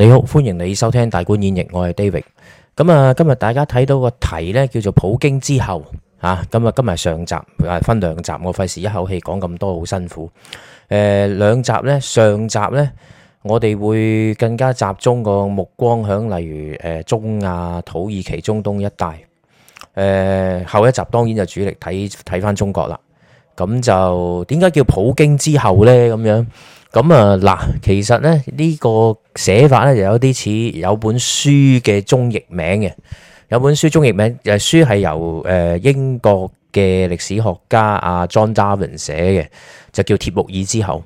你好，歡迎你收聽《大觀演繹》，我係 David。咁啊，今日大家睇到個題呢，叫做普京之後，吓咁啊，今日上集啊，分兩集，我費事一口氣講咁多，好辛苦。誒、呃，兩集呢？上集呢？我哋會更加集中個目光響，例如誒，中亞、土耳其、中東一帶。誒、呃，後一集當然就主力睇睇翻中國啦。咁就點解叫普京之後呢？咁樣？咁啊，嗱，其實咧呢個寫法咧，就有啲似有本書嘅中譯名嘅。有本書中譯名，誒，書係由誒英國嘅歷史學家阿 John Darwin 寫嘅，就叫《鐵木爾之後》。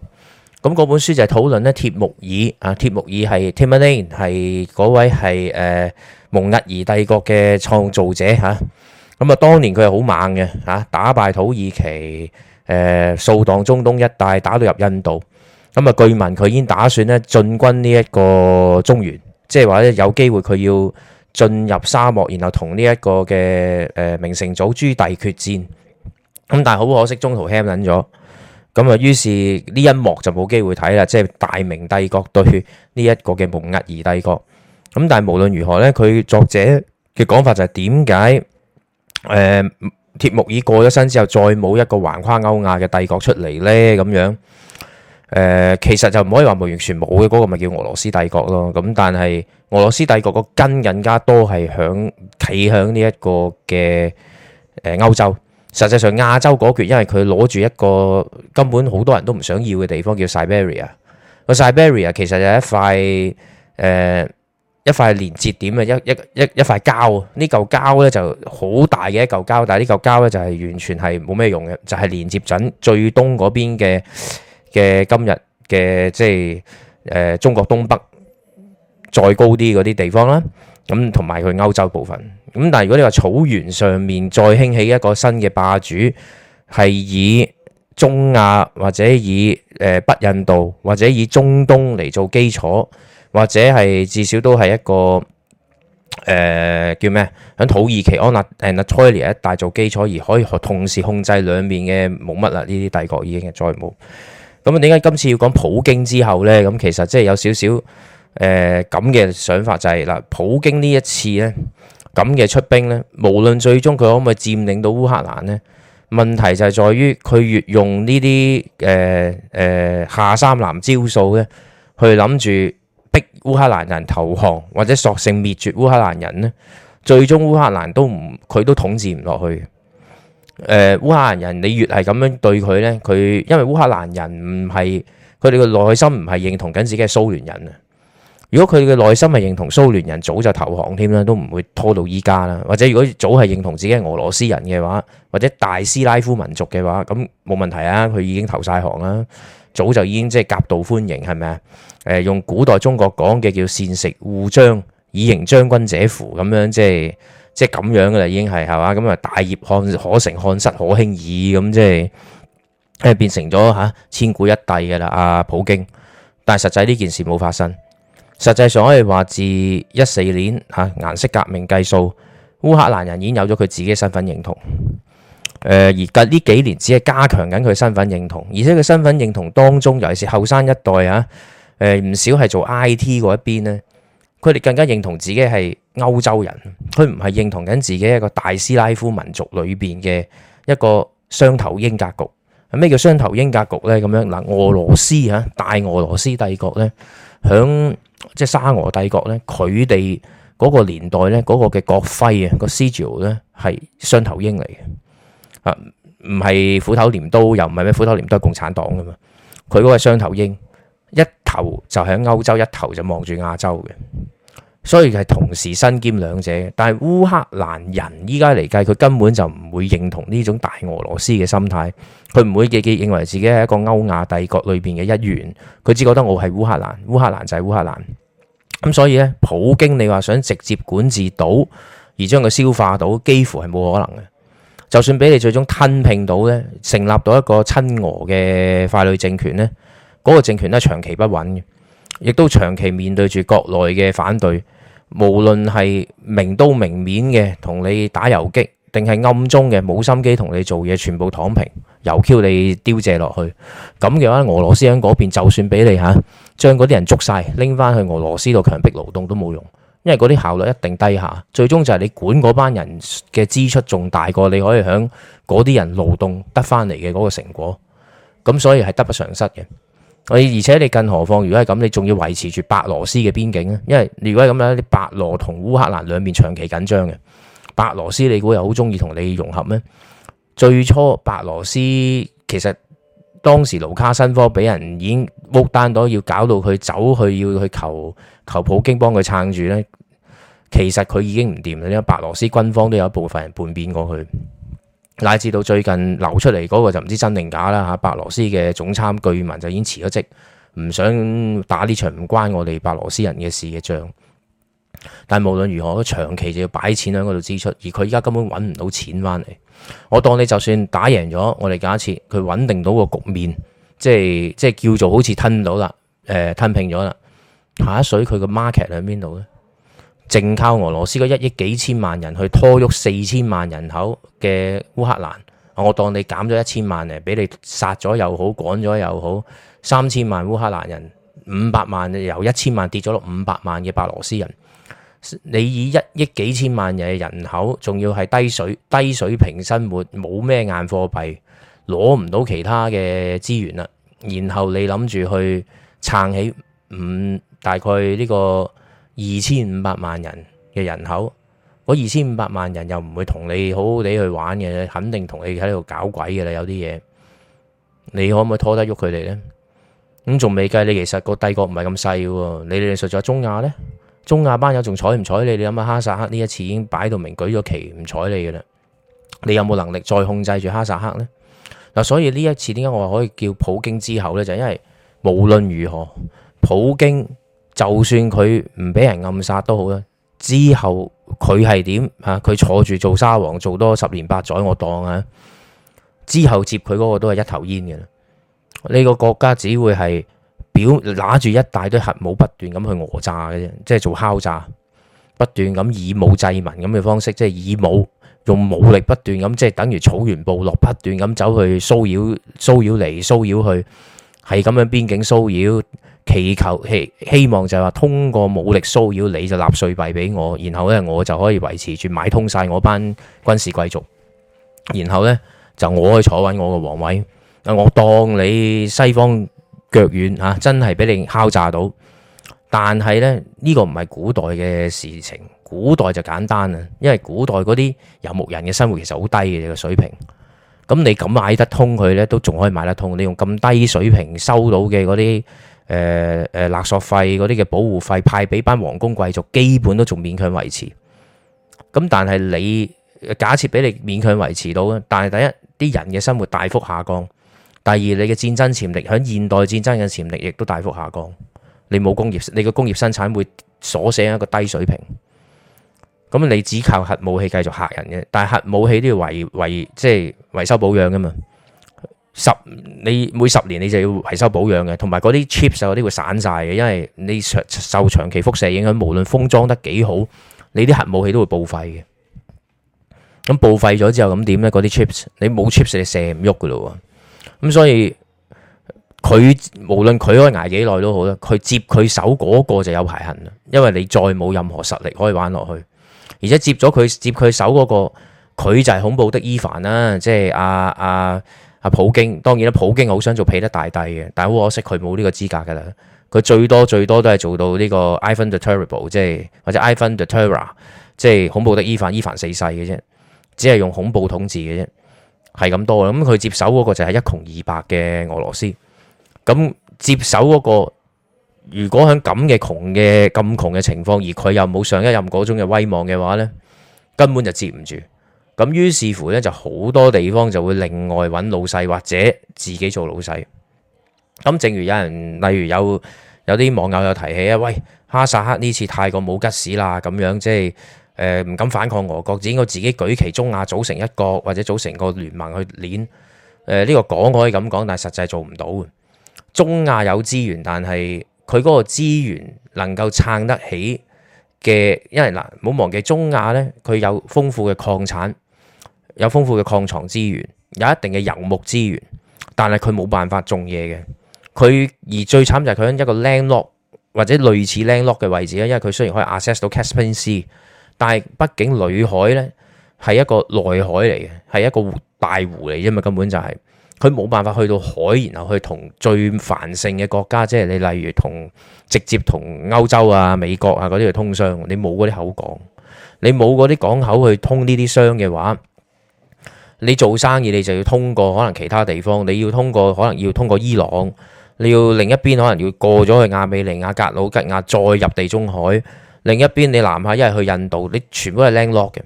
咁嗰本書就係討論咧鐵木爾。阿鐵木爾係 Timur 係嗰位係誒蒙兀兒帝國嘅創造者吓。咁啊，當年佢係好猛嘅吓，打敗土耳其，誒掃蕩中東一帶，打到入印度。咁啊，據聞佢已經打算咧進軍呢一個中原，即係話咧有機會佢要進入沙漠，然後同呢一個嘅誒明成祖朱棣決戰。咁但係好可惜，中途 ham 撚咗。咁啊，於是呢一幕就冇機會睇啦。即係大明帝國對呢一個嘅蒙壓爾帝國。咁但係無論如何咧，佢作者嘅講法就係點解誒鐵木爾過咗身之後，再冇一個橫跨歐亞嘅帝國出嚟咧？咁樣。誒、呃、其實就唔可以話冇，完全冇嘅嗰個咪叫俄羅斯帝國咯，咁但係俄羅斯帝國個根更加多係響企響呢一個嘅誒、呃、歐洲。實際上亞洲嗰橛，因為佢攞住一個根本好多人都唔想要嘅地方叫 Siberia。個 Siberia 其實就係一塊誒、呃、一塊連接點嘅，一一一一塊膠啊，膠呢嚿膠咧就好大嘅一嚿膠，但係呢嚿膠咧就係、是、完全係冇咩用嘅，就係、是、連接緊最東嗰邊嘅。嘅今日嘅即係誒、呃、中國東北再高啲嗰啲地方啦，咁同埋佢歐洲部分。咁但係如果你話草原上面再興起一個新嘅霸主，係以中亞或者以誒、呃、北印度或者以中東嚟做基礎，或者係至少都係一個誒、呃、叫咩？響土耳其安納、誒、安納托利亞一帶做基礎而可以同時控制兩面嘅冇乜啦，呢啲帝國已經係再冇。咁啊，點解今次要講普京之後呢？咁其實即係有少少誒咁嘅想法，就係嗱，普京呢一次呢咁嘅出兵呢，無論最終佢可唔可以佔領到烏克蘭呢，問題就係在於佢越用呢啲誒誒下三濫招數呢，去諗住逼烏克蘭人投降，或者索性滅絕烏克蘭人呢，最終烏克蘭都唔佢都統治唔落去。誒，烏克蘭人，你越係咁樣對佢呢，佢，因為烏克蘭人唔係佢哋個內心唔係認同緊自己係蘇聯人啊。如果佢嘅內心係認同蘇聯人，早就投降添啦，都唔會拖到依家啦。或者如果早係認同自己係俄羅斯人嘅話，或者大斯拉夫民族嘅話，咁冇問題啊。佢已經投晒降啦，早就已經即係夾道歡迎，係咪啊？誒，用古代中國講嘅叫簞食壺漿，以迎將軍者乎咁樣即係。即係咁樣噶啦，已經係係嘛咁啊，大業可可成可失可輕易咁，即係誒變成咗嚇、啊、千古一帝噶啦啊，普京，但係實際呢件事冇發生。實際上可以話，自一四年嚇顏色革命計數，烏克蘭人已經有咗佢自己嘅身份認同。誒、呃、而近呢幾年只係加強緊佢身份認同，而且佢身份認同當中，尤其是後生一代嚇誒，啊呃、唔少係做 I T 嗰一邊咧。佢哋更加認同自己係歐洲人，佢唔係認同緊自己一個大斯拉夫民族裏邊嘅一個雙頭鷹格局。咩叫雙頭鷹格局呢？咁樣嗱，俄羅斯呀，大俄羅斯帝國呢，響即係沙俄帝國呢，佢哋嗰個年代、那個那個那個、呢，嗰個嘅國徽啊個 symbol 係雙頭鷹嚟嘅啊，唔係斧頭鐮刀，又唔係咩斧頭鐮刀係共產黨㗎嘛。佢嗰個雙頭鷹一頭就喺歐洲，一頭就望住亞洲嘅。所以係同時身兼兩者，但係烏克蘭人依家嚟計，佢根本就唔會認同呢種大俄羅斯嘅心態，佢唔會認認為自己係一個歐亞帝國裏邊嘅一員，佢只覺得我係烏克蘭，烏克蘭就係烏克蘭。咁所以呢，普京你話想直接管治到而將佢消化到，幾乎係冇可能嘅。就算俾你最終吞併到呢，成立到一個親俄嘅傀儡政權呢嗰、嗰個政權都係長期不穩嘅，亦都長期面對住國內嘅反對。無論係明刀明面嘅同你打遊擊，定係暗中嘅冇心機同你做嘢，全部躺平，由 Q 你丟嘢落去。咁嘅話，俄羅斯喺嗰邊就算俾你嚇，將嗰啲人捉晒拎翻去俄羅斯度強迫勞動都冇用，因為嗰啲效率一定低下。最終就係你管嗰班人嘅支出仲大過你可以喺嗰啲人勞動得翻嚟嘅嗰個成果，咁所以係得不償失嘅。.而且你更何況，如果係咁，你仲要維持住白羅斯嘅邊境咧？因為如果係咁咧，白羅同烏克蘭兩邊長期緊張嘅，白羅斯你估又好中意同你融合咩？最初白羅斯其實當時盧卡申科俾人已經撲單咗，要搞到佢走去，去要去求求普京幫佢撐住咧。其實佢已經唔掂啦，因為白羅斯軍方都有一部分人叛變過去。乃至到最近流出嚟嗰個就唔知真定假啦嚇，白羅斯嘅總參據民就已經辭咗職，唔想打呢場唔關我哋白羅斯人嘅事嘅仗。但係無論如何，長期就要擺錢喺嗰度支出，而佢依家根本揾唔到錢翻嚟。我當你就算打贏咗，我哋假設佢穩定到個局面，即係即係叫做好似吞到啦，誒、呃、吞平咗啦，下一水佢個 market 喺邊度咧？正靠俄羅斯嗰一億幾千萬人去拖喐四千萬人口嘅烏克蘭，我當你減咗一千萬嚟，俾你殺咗又好，趕咗又好，三千萬烏克蘭人，五百萬由一千萬跌咗落五百萬嘅白羅斯人，你以一億幾千萬嘅人口，仲要係低水低水平生活，冇咩硬貨幣，攞唔到其他嘅資源啦，然後你諗住去撐起五大概呢個，二千五百萬人嘅人口，嗰二千五百萬人又唔會同你好好地去玩嘅，肯定同你喺度搞鬼嘅啦。有啲嘢，你可唔可以拖得喐佢哋呢？咁仲未計，你其實個帝國唔係咁細嘅，你哋除咗中亞呢？中亞班友仲睬唔睬你？你諗下哈薩克呢一次已經擺到明舉，舉咗旗唔睬你嘅啦。你有冇能力再控制住哈薩克呢？嗱，所以呢一次點解我話可以叫普京之後呢？就因為無論如何，普京。就算佢唔俾人暗殺都好啦，之後佢係點啊？佢坐住做沙皇做多十年八載，我當啊！之後接佢嗰個都係一頭煙嘅啦。呢、這個國家只會係表拿住一大堆核武不斷，不斷咁去訛詐嘅啫，即係做敲詐，不斷咁以武制民咁嘅方式，即係以武用武力不斷咁，即係等於草原部落不斷咁走去騷擾、騷擾嚟、騷擾去，係咁樣邊境騷擾。祈求希希望就係話通過武力騷擾你就納稅幣俾我，然後咧我就可以維持住買通晒我班軍事貴族，然後咧就我去坐穩我個皇位。我當你西方腳軟吓、啊，真係俾你敲詐到，但係咧呢、呢個唔係古代嘅事情。古代就簡單啦，因為古代嗰啲游牧人嘅生活其實好低嘅個水平，咁你咁買得通佢咧，都仲可以買得通。你用咁低水平收到嘅嗰啲。誒誒、呃呃、勒索費嗰啲嘅保護費派俾班皇公貴族，基本都仲勉強維持。咁但係你假設俾你勉強維持到，但係第一啲人嘅生活大幅下降，第二你嘅戰爭潛力，響現代戰爭嘅潛力亦都大幅下降。你冇工業，你嘅工業生產會鎖死喺一個低水平。咁你只靠核武器繼續嚇人嘅，但係核武器都要維維即係維修保養㗎嘛。十你每十年你就要維修保養嘅，同埋嗰啲 chips 嗰啲會散晒嘅。因為你長受長期輻射影響，無論封裝得幾好，你啲核武器都會報廢嘅。咁報廢咗之後，咁點咧？嗰啲 chips 你冇 chips，你射唔喐噶咯。咁所以佢無論佢可以挨幾耐都好啦，佢接佢手嗰個就有排痕啦。因為你再冇任何實力可以玩落去，而且接咗佢接佢手嗰個，佢就係恐怖的伊凡啦，即係阿阿。啊啊啊，普京當然啦，普京好想做彼得大帝嘅，但係好可惜佢冇呢個資格㗎啦。佢最多最多都係做到呢個 Ivan the Terrible，即係或者 Ivan the Terror，即係恐怖得伊凡伊凡四世嘅啫，只係用恐怖統治嘅啫，係咁多啦。咁、嗯、佢接手嗰個就係一窮二白嘅俄羅斯，咁、嗯、接手嗰、那個如果喺咁嘅窮嘅咁窮嘅情況，而佢又冇上一任嗰種嘅威望嘅話咧，根本就接唔住。咁於是乎咧，就好多地方就會另外揾老細或者自己做老細。咁正如有人，例如有有啲網友又提起啊，喂，哈薩克呢次太過冇吉士啦，咁樣即係唔、呃、敢反抗俄國，只應該自己舉旗中亞，組成一個或者組成個聯盟去練。呢、呃，這個講可以咁講，但係實際做唔到。中亞有資源，但係佢嗰個資源能夠撐得起嘅，因為嗱，冇、呃、忘記中亞呢，佢有豐富嘅礦產。有豐富嘅礦藏資源，有一定嘅游牧資源，但係佢冇辦法種嘢嘅。佢而最慘就係佢喺一個 landlock 或者類似 landlock 嘅位置咧，因為佢雖然可以 access 到 Caspian Sea，但係畢竟裏海咧係一個內海嚟嘅，係一個大湖嚟啫嘛，根本就係佢冇辦法去到海，然後去同最繁盛嘅國家，即係你例如同直接同歐洲啊、美國啊嗰啲去通商，你冇嗰啲口港，你冇嗰啲港口去通呢啲商嘅話。你做生意，你就要通過可能其他地方，你要通過可能要通過伊朗，你要另一邊可能要過咗去亞美尼亞、格魯吉亞，再入地中海。另一邊你南下，一係去印度，你全部係 landlock 嘅，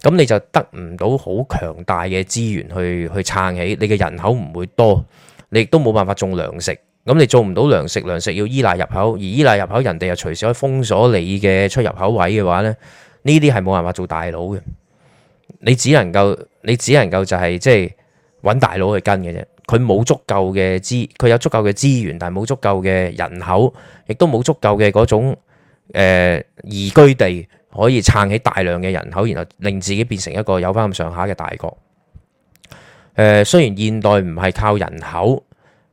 咁你就得唔到好強大嘅資源去去撐起。你嘅人口唔會多，你亦都冇辦法種糧食。咁你做唔到糧食，糧食要依賴入口，而依賴入口，人哋又隨時可以封鎖你嘅出入口位嘅話咧，呢啲係冇辦法做大佬嘅。你只能夠，你只能夠就係、是、即係揾大佬去跟嘅啫。佢冇足夠嘅資，佢有足夠嘅資，資源，但係冇足夠嘅人口，亦都冇足夠嘅嗰種呃、宜居地可以撐起大量嘅人口，然後令自己變成一個有翻咁上下嘅大國。誒、呃，雖然現代唔係靠人口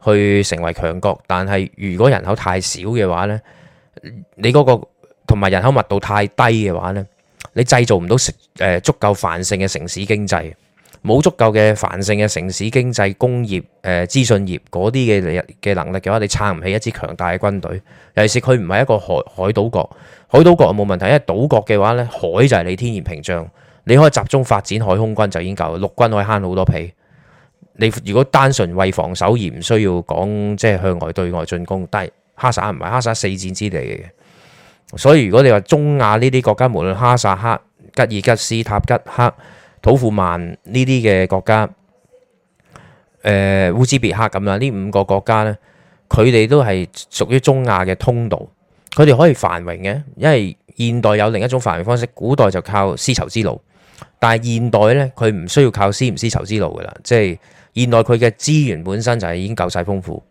去成為強國，但係如果人口太少嘅話咧，你嗰、那個同埋人口密度太低嘅話咧。你製造唔到誒足夠繁盛嘅城市經濟，冇足夠嘅繁盛嘅城市經濟、工業誒資訊業嗰啲嘅嘅能力嘅話，你撐唔起一支強大嘅軍隊。尤其是佢唔係一個海海島國，海島國冇問題，因為島國嘅話咧，海就係你天然屏障，你可以集中發展海空軍就已經夠，陸軍可以慳好多皮。你如果單純為防守而唔需要講即係向外對外進攻，但係哈薩唔係哈薩四戰之地嘅。所以如果你話中亞呢啲國家，無論哈薩克、吉爾吉斯、塔吉克、土庫曼呢啲嘅國家，誒、呃、烏茲別克咁啦，呢五個國家咧，佢哋都係屬於中亞嘅通道，佢哋可以繁榮嘅，因為現代有另一種繁榮方式，古代就靠絲綢之路，但係現代咧，佢唔需要靠絲唔絲綢之路㗎喇，即係現代佢嘅資源本身就係已經夠晒豐富。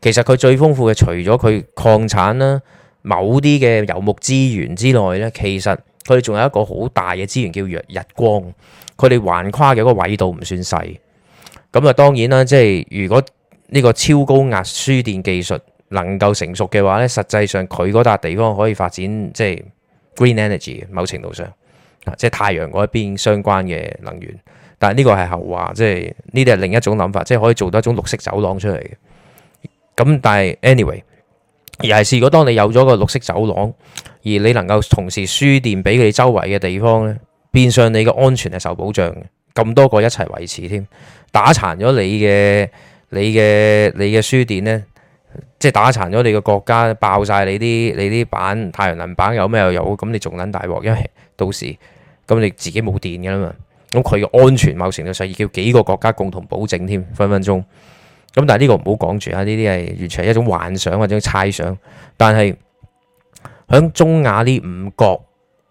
其實佢最豐富嘅，除咗佢礦產啦，某啲嘅油木資源之外呢，其實佢哋仲有一個好大嘅資源叫日光，佢哋橫跨嘅嗰個緯度唔算細。咁啊，當然啦，即係如果呢個超高壓輸電技術能夠成熟嘅話呢，實際上佢嗰笪地方可以發展即係 green energy，某程度上即係太陽嗰一邊相關嘅能源。但係呢個係後話，即係呢啲係另一種諗法，即係可以做到一種綠色走廊出嚟嘅。咁但係 anyway。而係，如果當你有咗個綠色走廊，而你能夠同時輸電俾佢周圍嘅地方咧，變相你嘅安全係受保障嘅。咁多個一齊維持添，打殘咗你嘅、你嘅、你嘅輸電咧，即係打殘咗你個國家，爆晒你啲、你啲板太陽能板有咩又有，咁你仲撚大鑊，因為到時咁你自己冇電㗎啦嘛。咁佢嘅安全某程度上要幾個國家共同保證添，分分鐘。咁但係呢個唔好講住啊！呢啲係完全係一種幻想或者猜想。但係喺中亞呢五國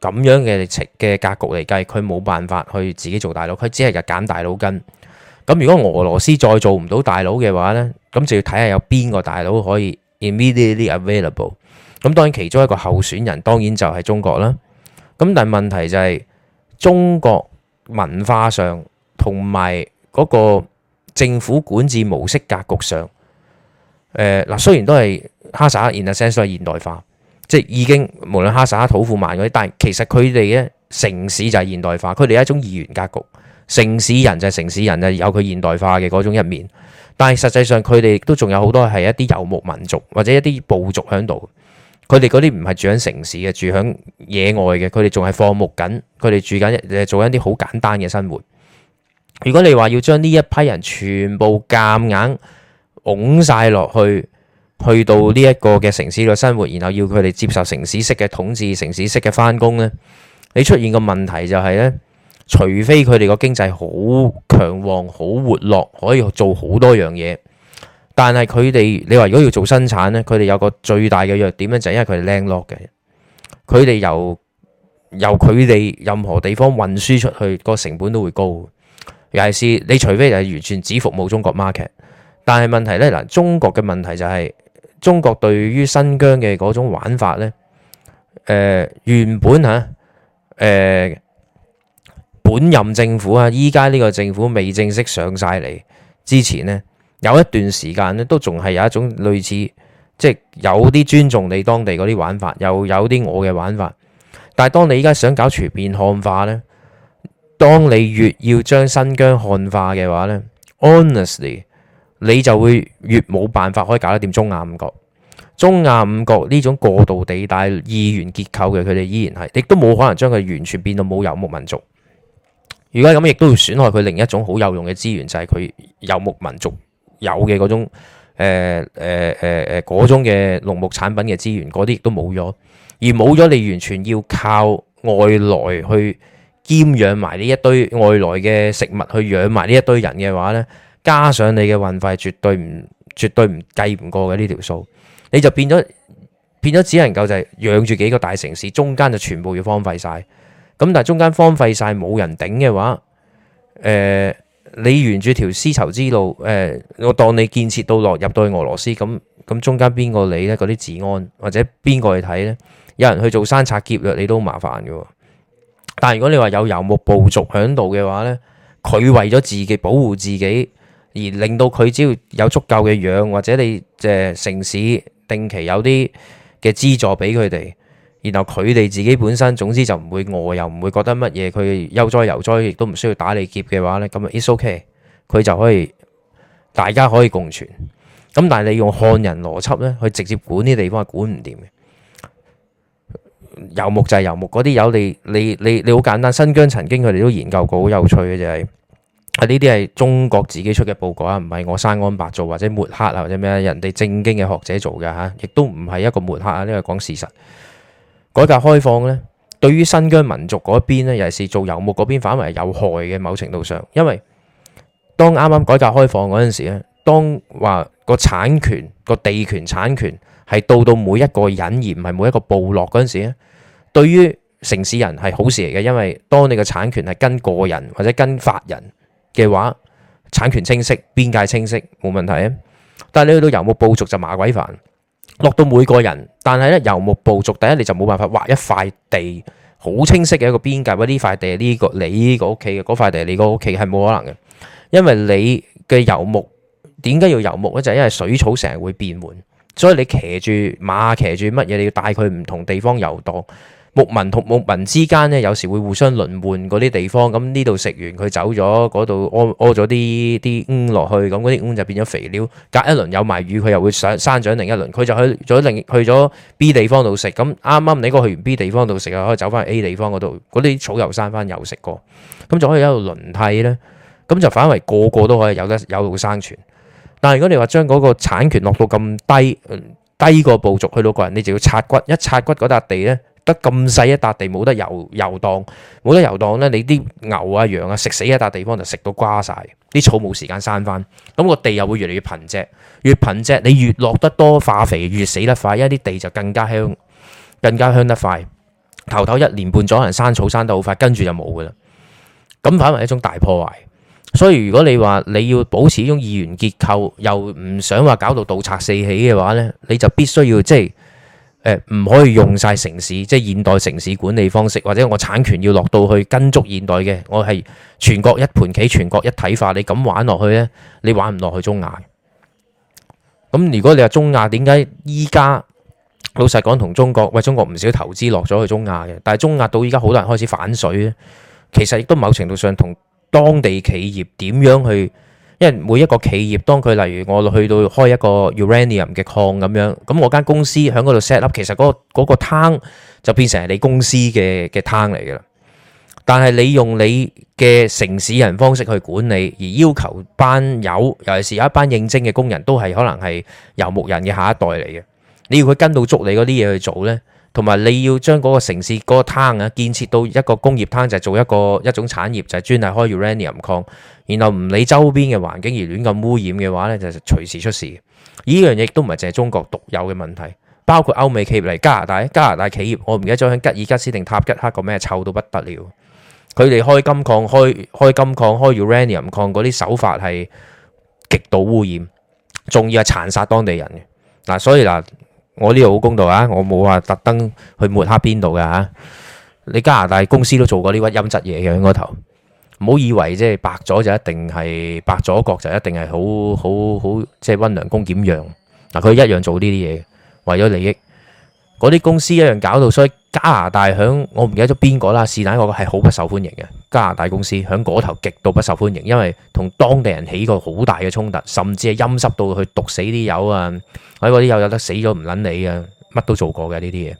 咁樣嘅嘅格局嚟計，佢冇辦法去自己做大佬，佢只係日揀大佬跟。咁如果俄羅斯再做唔到大佬嘅話呢，咁就要睇下有邊個大佬可以 immediately available。咁當然其中一個候選人當然就係中國啦。咁但係問題就係，中國文化上同埋嗰個。政府管治模式格局上，誒、呃、嗱，雖然都係哈薩克、印第安，所以現代化，即係已經無論哈薩克、土庫曼嗰啲，但係其實佢哋咧城市就係現代化，佢哋係一種二元格局，城市人就係城市人就係、有佢現代化嘅嗰種一面，但係實際上佢哋都仲有好多係一啲遊牧民族或者一啲部族喺度，佢哋嗰啲唔係住喺城市嘅，住喺野外嘅，佢哋仲係放牧緊，佢哋住緊誒做緊啲好簡單嘅生活。如果你話要將呢一批人全部夾硬拱晒落去，去到呢一個嘅城市度生活，然後要佢哋接受城市式嘅統治、城市式嘅翻工呢，你出現個問題就係呢：除非佢哋個經濟好強旺、好活絡，可以做好多樣嘢，但係佢哋你話如果要做生產呢，佢哋有個最大嘅弱點咧，就係因為佢哋 landlock 嘅，佢哋由由佢哋任何地方運輸出去個成本都會高。尤其是，你除非就係完全只服務中國 market，但係問題咧嗱，中國嘅問題就係、是、中國對於新疆嘅嗰種玩法咧，誒、呃、原本嚇誒、呃、本任政府啊，依家呢個政府未正式上晒嚟之前咧，有一段時間咧都仲係有一種類似，即係有啲尊重你當地嗰啲玩法，又有啲我嘅玩法，但係當你依家想搞全面漢化咧。當你越要將新疆漢化嘅話呢，honestly，你就會越冇辦法可以搞得掂中亞五國，中亞五國呢種過渡地帶、二元結構嘅，佢哋依然係，亦都冇可能將佢完全變到冇遊牧民族。如果咁，亦都會損害佢另一種好有用嘅資源，就係佢遊牧民族有嘅嗰種誒誒誒誒嗰種嘅農牧產品嘅資源，嗰啲亦都冇咗，而冇咗你完全要靠外來去。兼養埋呢一堆外來嘅食物去養埋呢一堆人嘅話咧，加上你嘅運費，絕對唔絕對唔計唔過嘅呢條數，你就變咗變咗，只能夠就係養住幾個大城市，中間就全部要荒廢晒。咁但係中間荒廢晒冇人頂嘅話，誒、呃、你沿住條絲綢之路，誒、呃、我當你建設到落入到去俄羅斯，咁咁中間邊個理呢嗰啲治安或者邊個去睇呢？有人去做山賊劫掠，你都好麻煩㗎喎。但如果你有話有游牧部族喺度嘅話呢，佢為咗自己保護自己，而令到佢只要有足夠嘅養，或者你即、呃、城市定期有啲嘅資助俾佢哋，然後佢哋自己本身總之就唔會餓、呃，又唔會覺得乜嘢，佢悠哉游哉亦都唔需要打你劫嘅話呢，咁啊 it's ok，佢就可以大家可以共存。咁但係你用漢人邏輯呢，去直接管啲地方係管唔掂嘅。游牧就係游牧，嗰啲有你你你你好簡單。新疆曾經佢哋都研究過，好有趣嘅就係、是、啊，呢啲係中國自己出嘅報告啊，唔係我生安白做或者抹黑啊，或者咩人哋正經嘅學者做嘅嚇，亦都唔係一個抹黑啊，呢個講事實。改革開放咧，對於新疆民族嗰邊咧，尤其是做游牧嗰邊，反為係有害嘅某程度上，因為當啱啱改革開放嗰陣時咧，當話個產權、個地權、產權。係到到每一個人而唔係每一個部落嗰陣時咧，對於城市人係好事嚟嘅，因為當你嘅產權係跟個人或者跟法人嘅話，產權清晰，邊界清晰，冇問題啊。但係你去到遊牧部族就麻鬼煩，落到每個人，但係咧遊牧部族，第一你就冇辦法劃一塊地好清晰嘅一個邊界，喂，呢塊地係呢個你呢個屋企嘅，嗰塊地係你個屋企，係冇可能嘅，因為你嘅遊牧點解要遊牧咧？就係因為水草成日會變換。所以你騎住馬，騎住乜嘢，你要帶佢唔同地方遊蕩。牧民同牧民之間呢，有時會互相輪換嗰啲地方。咁呢度食完佢走咗，嗰度屙屙咗啲啲污落去，咁嗰啲污就變咗肥料。隔一輪有埋雨，佢又會生生長另一輪。佢就去咗另去咗 B 地方度食。咁啱啱你個去完 B 地方度食啊，可以走翻 A 地方嗰度。嗰啲草又生翻，又食過。咁就可以喺度輪替呢。咁就反為個個都可以有得有路生存。但係如果你話將嗰個產權落到咁低，低個部族去到個人，你就要拆骨，一拆骨嗰笪地呢，得咁細一笪地，冇得遊遊蕩，冇得遊蕩呢，你啲牛啊、羊啊，食死一笪地方就食到瓜晒。啲草冇時間生返，咁個地又會越嚟越貧瘠，越貧瘠你越落得多化肥，越死得快，因為啲地就更加香，更加香得快，頭頭一年半左右，人生草生得好快，跟住就冇噶啦，咁反為一種大破壞。所以如果你話你要保持呢種二元結構，又唔想話搞到盜賊四起嘅話呢，你就必須要即係唔可以用晒城市，即係現代城市管理方式，或者我產權要落到去跟足現代嘅，我係全國一盤棋、全國一體化。你咁玩落去呢，你玩唔落去中亞。咁如果你話中亞點解依家老實講同中國喂，中國唔少投資落咗去中亞嘅，但係中亞到依家好多人開始反水啊，其實亦都某程度上同。當地企業點樣去？因為每一個企業，當佢，例如我去到開一個 uranium 嘅礦咁樣，咁我間公司喺嗰度 set up，其實嗰個嗰個攤就變成係你公司嘅嘅攤嚟噶啦。但係你用你嘅城市人方式去管理，而要求班友，尤其是有一班應徵嘅工人，都係可能係遊牧人嘅下一代嚟嘅。你要佢跟到足你嗰啲嘢去做呢？同埋你要將嗰個城市嗰、那個灘啊建設到一個工業灘，就係、是、做一個一種產業，就係、是、專係開 uranium 礦，然後唔理周邊嘅環境而亂咁污染嘅話咧，就是、隨時出事。呢樣嘢都唔係淨係中國獨有嘅問題，包括歐美企業嚟加拿大，加拿大企業我唔記得咗喺吉爾吉斯定塔吉克，個咩臭到不得了，佢哋開金礦、開開金礦、開 uranium 礦嗰啲手法係極度污染，仲要係殘殺當地人嘅嗱、啊，所以嗱。我呢度好公道啊！我冇話特登去抹黑邊度㗎吓，你加拿大公司都做過呢屈陰質嘢嘅，喺個頭，唔好以為即係白咗就一定係白咗國就一定係好好好即係溫良恭儉讓嗱，佢一樣做呢啲嘢，為咗利益。嗰啲公司一樣搞到，所以加拿大喺我唔記得咗邊個啦，是但嗰個係好不受歡迎嘅。加拿大公司喺嗰頭極度不受歡迎，因為同當地人起過好大嘅衝突，甚至係陰濕到去毒死啲友啊！喺嗰啲友有得死咗唔撚理嘅，乜都做過嘅呢啲嘢。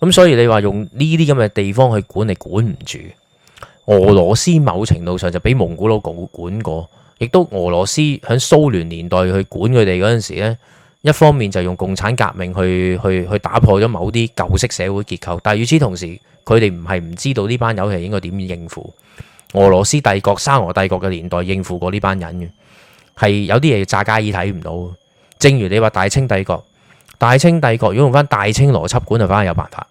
咁所以你話用呢啲咁嘅地方去管，你管唔住。俄羅斯某程度上就俾蒙古佬局管過，亦都俄羅斯喺蘇聯年代去管佢哋嗰陣時咧。一方面就用共產革命去去去打破咗某啲舊式社會結構，但係與此同時，佢哋唔係唔知道呢班友係應該點應付俄羅斯帝國、沙俄帝國嘅年代應付過呢班人嘅，係有啲嘢炸家耳睇唔到。正如你話大清帝國、大清帝國，如果用翻大清邏輯管就反而有辦法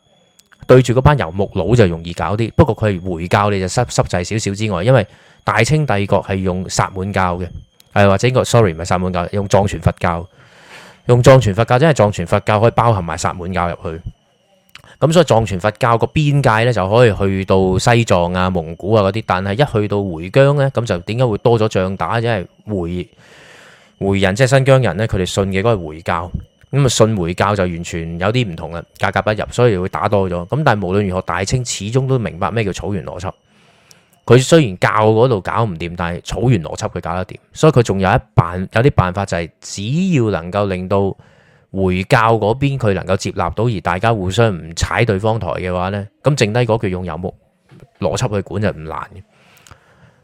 對住嗰班游牧佬就容易搞啲，不過佢回教你就濕濕滯少少之外，因為大清帝國係用薩滿教嘅，係、哎、或者應該 sorry 唔係薩滿教，用藏傳佛教。用藏傳佛教，即係藏傳佛教可以包含埋薩滿教入去，咁所以藏傳佛教個邊界呢，就可以去到西藏啊、蒙古啊嗰啲。但係一去到回疆呢，咁就點解會多咗仗打？即係回回人，即係新疆人呢，佢哋信嘅嗰個回教，咁啊，信回教就完全有啲唔同啦，格格不入，所以會打多咗。咁但係無論如何，大清始終都明白咩叫草原邏輯。佢雖然教嗰度搞唔掂，但係草原邏輯佢搞得掂，所以佢仲有一辦有啲辦法就係，只要能夠令到回教嗰邊佢能夠接納到，而大家互相唔踩對方台嘅話呢，咁剩低嗰句用遊牧邏輯去管就唔難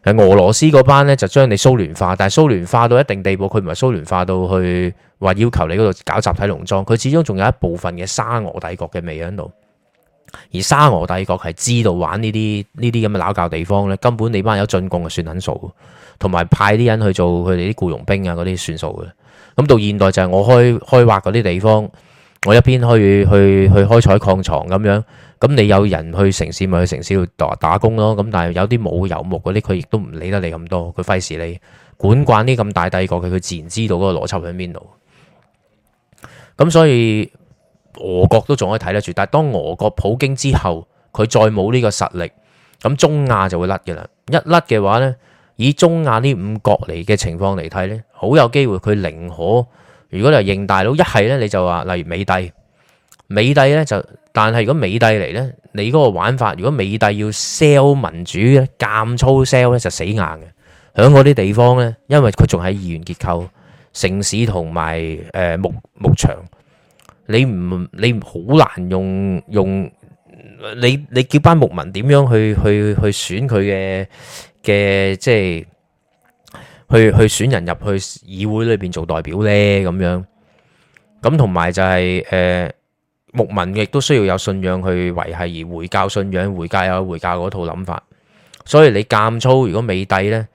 嘅。喺俄羅斯嗰班呢，就將你蘇聯化，但係蘇聯化到一定地步，佢唔係蘇聯化到去話要求你嗰度搞集體農莊，佢始終仲有一部分嘅沙俄帝國嘅味喺度。而沙俄帝國係知道玩呢啲呢啲咁嘅鬧教地方咧，根本你班友進貢就算撚數，同埋派啲人去做佢哋啲僱傭兵啊嗰啲算數嘅。咁到現代就係我開開挖嗰啲地方，我一邊去去去開採礦床咁樣，咁你有人去城市咪去城市度打，打工咯。咁但係有啲冇遊牧嗰啲，佢亦都唔理得你咁多，佢費事你管慣啲咁大帝國嘅，佢自然知道嗰個邏輯喺邊度。咁所以。俄國都仲可以睇得住，但係當俄國普京之後，佢再冇呢個實力，咁中亞就會甩嘅啦。一甩嘅話呢，以中亞呢五國嚟嘅情況嚟睇呢，好有機會佢寧可，如果你認大佬一係呢，你就話例如美帝，美帝呢，就，但係如果美帝嚟呢，你嗰個玩法，如果美帝要 sell 民主咧，咁粗 sell 咧就死硬嘅，響嗰啲地方呢，因為佢仲喺二元結構，城市同埋誒牧牧場。呃你唔你好難用用你你叫班牧民點樣去去去選佢嘅嘅即係去去選人入去議會裏邊做代表咧咁樣咁同埋就係、是、誒、呃、牧民亦都需要有信仰去維繫，而回教信仰回教有回教嗰套諗法，所以你監粗，如果美帝咧。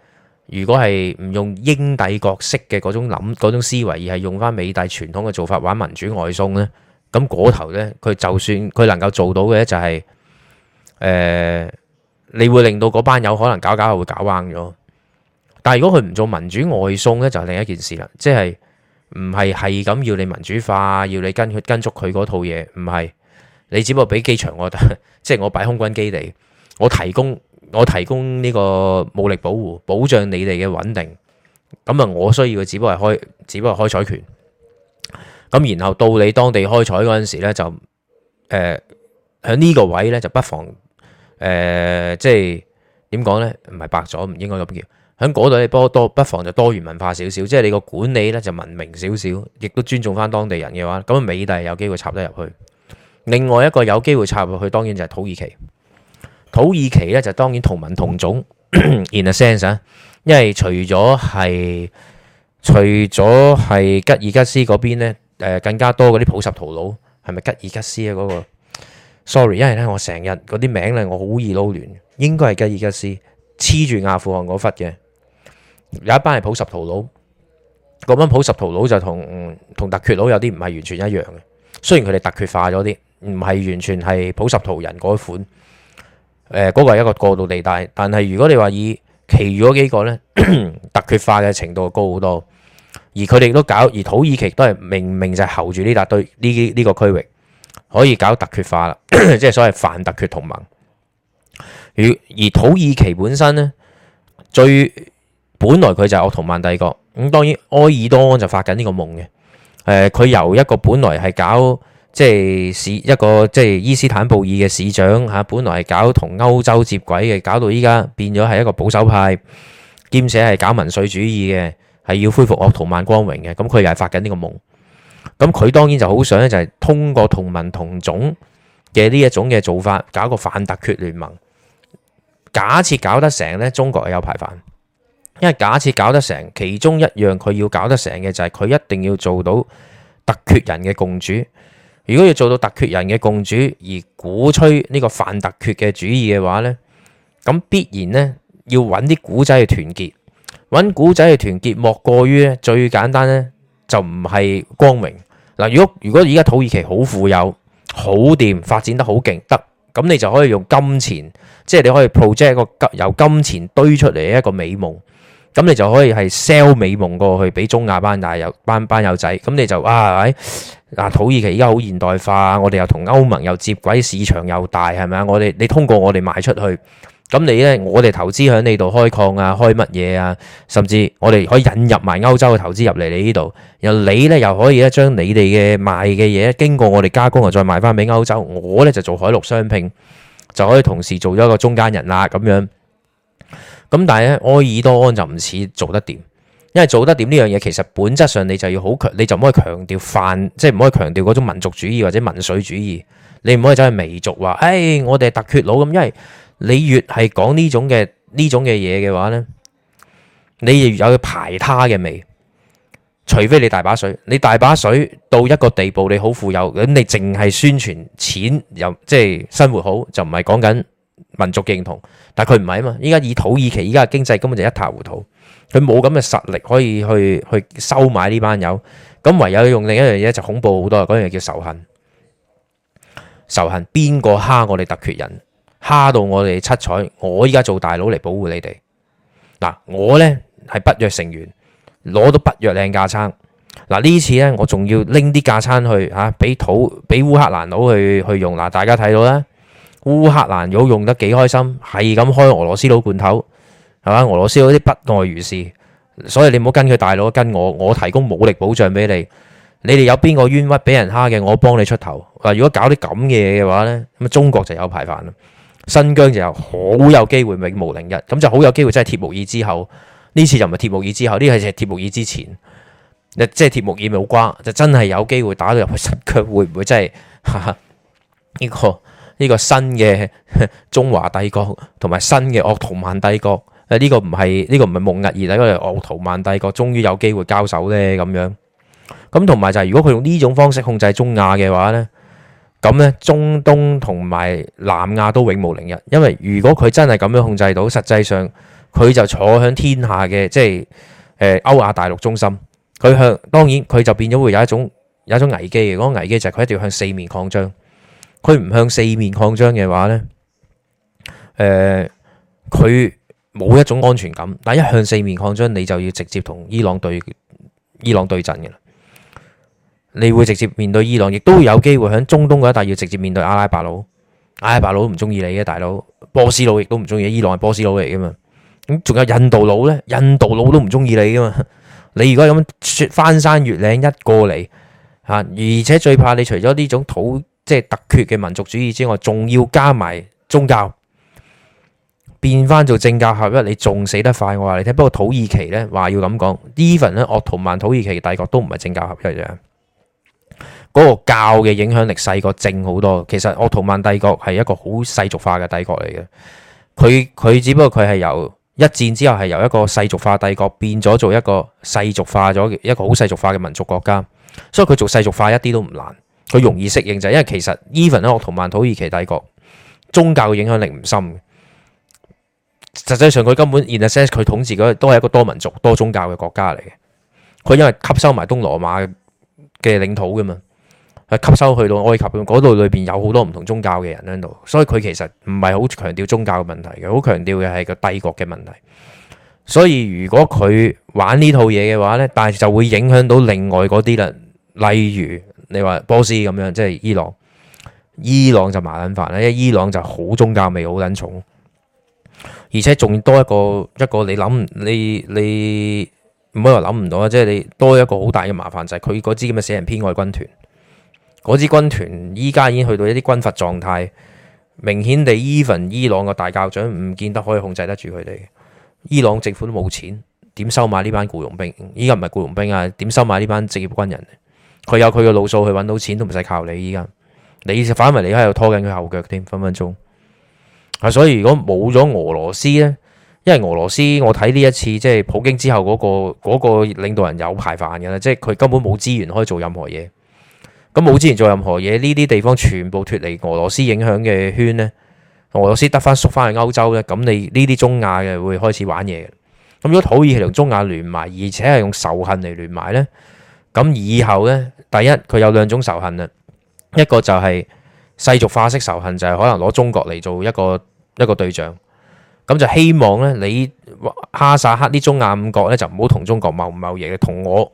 如果係唔用英帝角色嘅嗰種諗嗰種思維，而係用翻美帝傳統嘅做法玩民主外送呢，咁嗰頭呢佢就算佢能夠做到嘅就係、是，誒、呃，你會令到嗰班友可能搞搞下會搞彎咗。但係如果佢唔做民主外送呢，就係、是、另一件事啦。即係唔係係咁要你民主化，要你跟跟足佢嗰套嘢，唔係你只不過俾機場我，即 係我擺空軍基地，我提供。我提供呢個武力保護，保障你哋嘅穩定。咁啊，我需要嘅只不過係開，只不過係開採權。咁然後到你當地開採嗰陣時咧，就誒喺呢個位咧就不妨誒、呃，即係點講咧？唔係白咗，唔應該咁叫。喺嗰度你不妨就多，不妨就多元文化少少，即係你個管理咧就文明少少，亦都尊重翻當地人嘅話，咁美帝有機會插得入去。另外一個有機會插入去，當然就係土耳其。土耳其咧就當然同文同種 ，in a sense 啊，因為除咗係除咗係吉爾吉斯嗰邊咧，誒、呃、更加多嗰啲普什圖佬，係咪吉爾吉斯啊？嗰、嗰個 sorry，因為咧我成日嗰啲名咧我好易撈亂，應該係吉爾吉斯黐住阿富汗嗰忽嘅，有一班係普什圖佬，嗰班普什圖佬就同同突厥佬有啲唔係完全一樣嘅，雖然佢哋突厥化咗啲，唔係完全係普什圖人嗰款。誒嗰個係一個過渡地帶，但係如果你話以其餘嗰幾個咧， 突厥化嘅程度高好多，而佢哋都搞，而土耳其都係明明就係睺住呢笪堆呢呢、這個區域可以搞突厥化啦， 即係所謂泛突厥同盟而。而土耳其本身咧，最本來佢就係奧圖曼帝國，咁當然埃爾多安就發緊呢個夢嘅。誒、呃，佢由一個本來係搞。即係一個，即係伊斯坦布爾嘅市長嚇、啊。本來係搞同歐洲接軌嘅，搞到依家變咗係一個保守派，兼且係搞民粹主義嘅，係要恢復奧圖曼光榮嘅。咁佢又係發緊呢個夢。咁、啊、佢當然就好想咧，就係通過同文同種嘅呢一種嘅做法，搞個泛突厥聯盟。假設搞得成呢，中國有排煩，因為假設搞得成，其中一樣佢要搞得成嘅就係佢一定要做到突厥人嘅共主。如果要做到突厥人嘅共主，而鼓吹呢個泛突厥嘅主義嘅話呢，咁必然呢要揾啲古仔去團結，揾古仔去團結，莫過於最簡單呢就唔係光榮嗱。如果如果依家土耳其好富有、好掂、發展得好勁得，咁你就可以用金錢，即係你可以 project 一個由金錢堆出嚟嘅一個美夢。咁你就可以係 sell 美夢過去俾中亞班大又班班友仔，咁你就啊，係嗱，土耳其而家好現代化，我哋又同歐盟又接軌，市場又大，係咪啊？我哋你通過我哋賣出去，咁你咧，我哋投資喺你度開礦啊，開乜嘢啊，甚至我哋可以引入埋歐洲嘅投資入嚟你呢度，然後你咧又可以咧將你哋嘅賣嘅嘢經過我哋加工啊，再賣翻俾歐洲。我咧就做海陸雙拼，就可以同時做咗一個中間人啦，咁樣。咁但係咧，埃爾多安就唔似做得掂，因為做得掂呢樣嘢其實本質上你就要好強，你就唔可以強調泛，即係唔可以強調嗰種民族主義或者民粹主義，你唔可以走去媚俗話，誒、哎、我哋係突厥佬咁，因為你越係講呢種嘅呢種嘅嘢嘅話咧，你越有佢排他嘅味，除非你大把水，你大把水到一個地步你好富有，咁你淨係宣傳錢又即係生活好，就唔係講緊民族認同，但佢唔係啊嘛！依家以土耳其依家嘅經濟根本就一塌糊塗，佢冇咁嘅實力可以去去收買呢班友，咁唯有用另一樣嘢就恐怖好多，嗰樣嘢叫仇恨。仇恨邊個蝦我哋突厥人，蝦到我哋七彩，我依家做大佬嚟保護你哋。嗱，我呢係北約成員，攞到北約靚架撐。嗱呢次呢，我仲要拎啲架撐去嚇俾、啊、土俾烏克蘭佬去去用。嗱，大家睇到啦。烏克蘭又好用得幾開心，係咁開俄羅斯佬罐頭，係嘛？俄羅斯佬啲不外如是，所以你唔好跟佢大佬，跟我我提供武力保障俾你。你哋有邊個冤屈俾人蝦嘅，我幫你出頭。嗱，如果搞啲咁嘅嘢嘅話呢，咁中國就有排煩啦，新疆就有好有機會永無寧日，咁就好有機會真係帖木兒之後，呢次就唔係帖木兒之後，呢係帖木兒之前，即係帖木兒冇瓜，就真係有機會打到入去新疆，會唔會真係呢、呢個？呢個新嘅中華帝國同埋新嘅鄂圖曼帝國，誒、這、呢個唔係呢個唔係蒙兀兒，而係鄂圖曼帝國終於有機會交手咧咁樣。咁同埋就係如果佢用呢種方式控制中亞嘅話咧，咁咧中東同埋南亞都永無寧日，因為如果佢真係咁樣控制到，實際上佢就坐響天下嘅即係誒、呃、歐亞大陸中心，佢向當然佢就變咗會有一種有一種危機嘅，嗰、那個危機就係佢一定要向四面擴張。佢唔向四面擴張嘅話咧，誒、呃，佢冇一種安全感。但一向四面擴張，你就要直接同伊朗對伊朗對陣嘅啦。你會直接面對伊朗，亦都有機會喺中東嗰一帶要直接面對阿拉伯佬。阿拉伯佬唔中意你嘅，大佬波斯佬亦都唔中意。伊朗係波斯佬嚟噶嘛？咁仲有印度佬咧，印度佬都唔中意你噶嘛？你如果咁翻山越嶺一過嚟啊，而且最怕你除咗呢種土。即係突厥嘅民族主義之外，仲要加埋宗教，變翻做政教合一，你仲死得快。我話你聽，不過土耳其咧話要咁講，even 咧，鄂圖曼土耳其帝國都唔係政教合一嘅，嗰、那個教嘅影響力細過政好多。其實鄂圖曼帝國係一個好世俗化嘅帝國嚟嘅，佢佢只不過佢係由一戰之後係由一個世俗化帝國變咗做一個世俗化咗嘅一個好世俗化嘅民族國家，所以佢做世俗化一啲都唔難。佢容易適應就係因為其實 Even 喺我同曼土耳其帝國宗教嘅影響力唔深嘅，實際上佢根本，in a sense 佢統治嗰都係一個多民族、多宗教嘅國家嚟嘅。佢因為吸收埋東羅馬嘅領土㗎嘛，吸收去到埃及嗰度裏邊有好多唔同宗教嘅人喺度，所以佢其實唔係好強調宗教嘅問題嘅，好強調嘅係個帝國嘅問題。所以如果佢玩呢套嘢嘅話咧，但係就會影響到另外嗰啲人，例如，你話波斯咁樣，即係伊朗，伊朗就麻撚煩啦，因為伊朗就好宗教味，好撚重，而且仲多一個一個你諗，你你唔可以話諗唔到啊！即係你多一個好大嘅麻煩，就係佢嗰支咁嘅死人偏愛軍團，嗰支軍團依家已經去到一啲軍閥狀態，明顯地 even 伊朗個大教長唔見得可以控制得住佢哋。伊朗政府都冇錢，點收買呢班僱傭兵？依家唔係僱傭兵啊，點收買呢班職業軍人？佢有佢嘅路數去揾到錢都唔使靠你，依家你反為你喺度拖緊佢後腳添，分分鐘啊！所以如果冇咗俄羅斯呢？因為俄羅斯我睇呢一次即係普京之後嗰個嗰個領導人有排煩嘅啦，即係佢根本冇資源可以做任何嘢。咁冇資源做任何嘢，呢啲地方全部脫離俄羅斯影響嘅圈呢。俄羅斯得翻縮翻去歐洲呢，咁你呢啲中亞嘅會開始玩嘢嘅。咁如果土耳其同中亞聯埋，而且係用仇恨嚟聯埋呢。咁以後呢，第一佢有兩種仇恨啦，一個就係世俗化式仇恨，就係、是、可能攞中國嚟做一個一個對象，咁就希望呢，你哈薩克呢中亞五國咧就唔好同中國貿貿易嘅，同我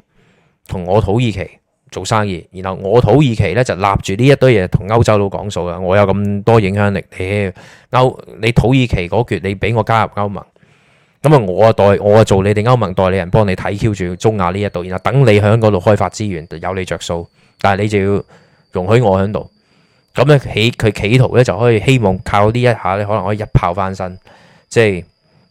同我土耳其做生意，然後我土耳其呢，就立住呢一堆嘢同歐洲佬講數啊！我有咁多影響力，誒歐你，你土耳其嗰橛你俾我加入歐盟？咁啊，我代我啊做你哋歐盟代理人，幫你睇 Q 住中亞呢一度，然後等你喺嗰度開發資源就有你着數，但係你就要容許我喺度。咁咧企佢企圖咧就可以希望靠呢一下咧，你可能可以一炮翻身。即係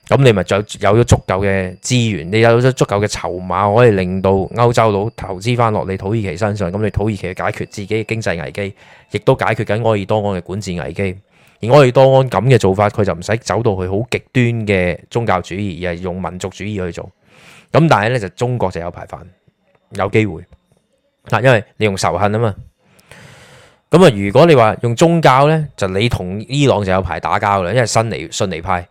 咁，你咪就有咗足夠嘅資源，你有咗足夠嘅籌碼，可以令到歐洲佬投資翻落你土耳其身上。咁你土耳其解決自己嘅經濟危機，亦都解決緊埃爾多安嘅管治危機。而我哋多安咁嘅做法，佢就唔使走到去好極端嘅宗教主義，而係用民族主義去做。咁但係咧，就中國就有排煩，有機會。嗱，因為你用仇恨啊嘛。咁啊，如果你話用宗教咧，就你同伊朗就有排打交啦，因為新尼遜尼派。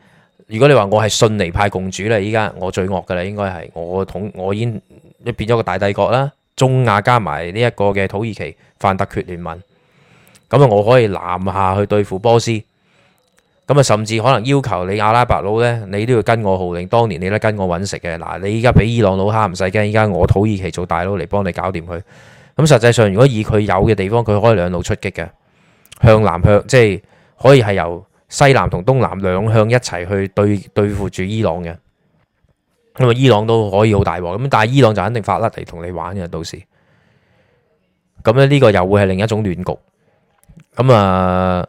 如果你話我係遜尼派共主咧，依家我最惡噶啦，應該係我統，我已經變咗個大帝國啦。中亞加埋呢一個嘅土耳其泛突厥聯盟。咁啊！我可以南下去對付波斯，咁啊，甚至可能要求你阿拉伯佬呢，你都要跟我號令。當年你都跟我揾食嘅嗱，你而家俾伊朗佬蝦，唔使驚，而家我土耳其做大佬嚟幫你搞掂佢。咁實際上，如果以佢有嘅地方，佢可以兩路出擊嘅，向南向即係可以係由西南同東南兩向一齊去對對付住伊朗嘅。咁啊，伊朗都可以好大鑊咁，但係伊朗就肯定發甩嚟同你玩嘅。到時咁呢個又會係另一種亂局。咁啊、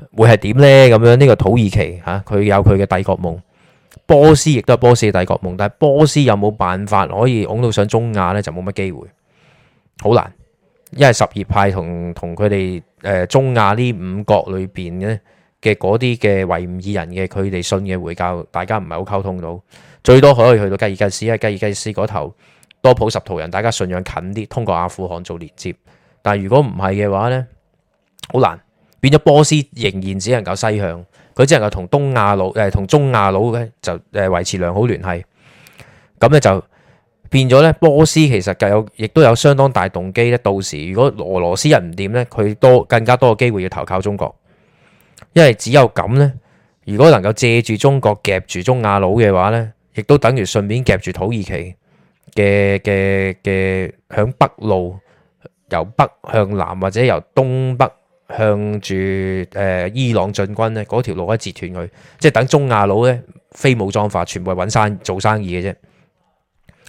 嗯，會係點呢？咁樣呢、這個土耳其吓，佢、啊、有佢嘅帝國夢，波斯亦都係波斯嘅帝國夢，但係波斯有冇辦法可以拱到上中亞呢？就冇乜機會，好難。因為什葉派同同佢哋誒中亞呢五國裏邊咧嘅嗰啲嘅維吾爾人嘅，佢哋信嘅回教，大家唔係好溝通到，最多可以去到吉爾吉斯，因為吉爾吉斯嗰頭多普什圖人，大家信仰近啲，通過阿富汗做連接。但係如果唔係嘅話呢？好難變咗。波斯仍然只能夠西向，佢只能夠同東亞佬誒同中亞佬咧，就誒維持良好聯繫。咁咧就變咗咧。波斯其實就有亦都有相當大動機咧。到時如果俄羅斯人唔掂咧，佢多更加多嘅機會要投靠中國，因為只有咁咧。如果能夠借住中國夾住中亞佬嘅話咧，亦都等於順便夾住土耳其嘅嘅嘅響北路，由北向南或者由東北。向住誒伊朗進軍咧，嗰條路一截斷佢，即係等中亞佬咧非武裝化，全部係揾生做生意嘅啫。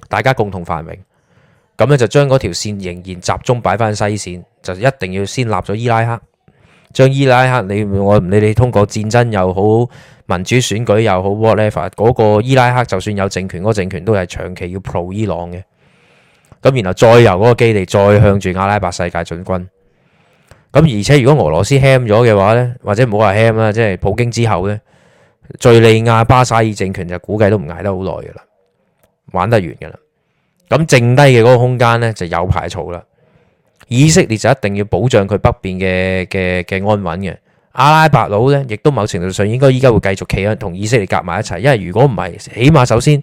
大家共同繁榮，咁咧就將嗰條線仍然集中擺翻西線，就一定要先立咗伊拉克，將伊拉克你我唔理你通過戰爭又好民主選舉又好 whatever，嗰個伊拉克就算有政權，嗰個政權都係長期要 pro 伊朗嘅。咁然後再由嗰個基地再向住阿拉伯世界進軍。咁而且，如果俄羅斯 ham 咗嘅話呢，或者唔好話 ham 啦，即係普京之後呢，敍利亞巴沙爾政權就估計都唔捱得好耐噶啦，玩得完噶啦。咁剩低嘅嗰個空間呢，就有排嘈啦。以色列就一定要保障佢北邊嘅嘅嘅安穩嘅。阿拉伯佬呢，亦都某程度上應該依家會繼續企喺同以色列夾埋一齊，因為如果唔係，起碼首先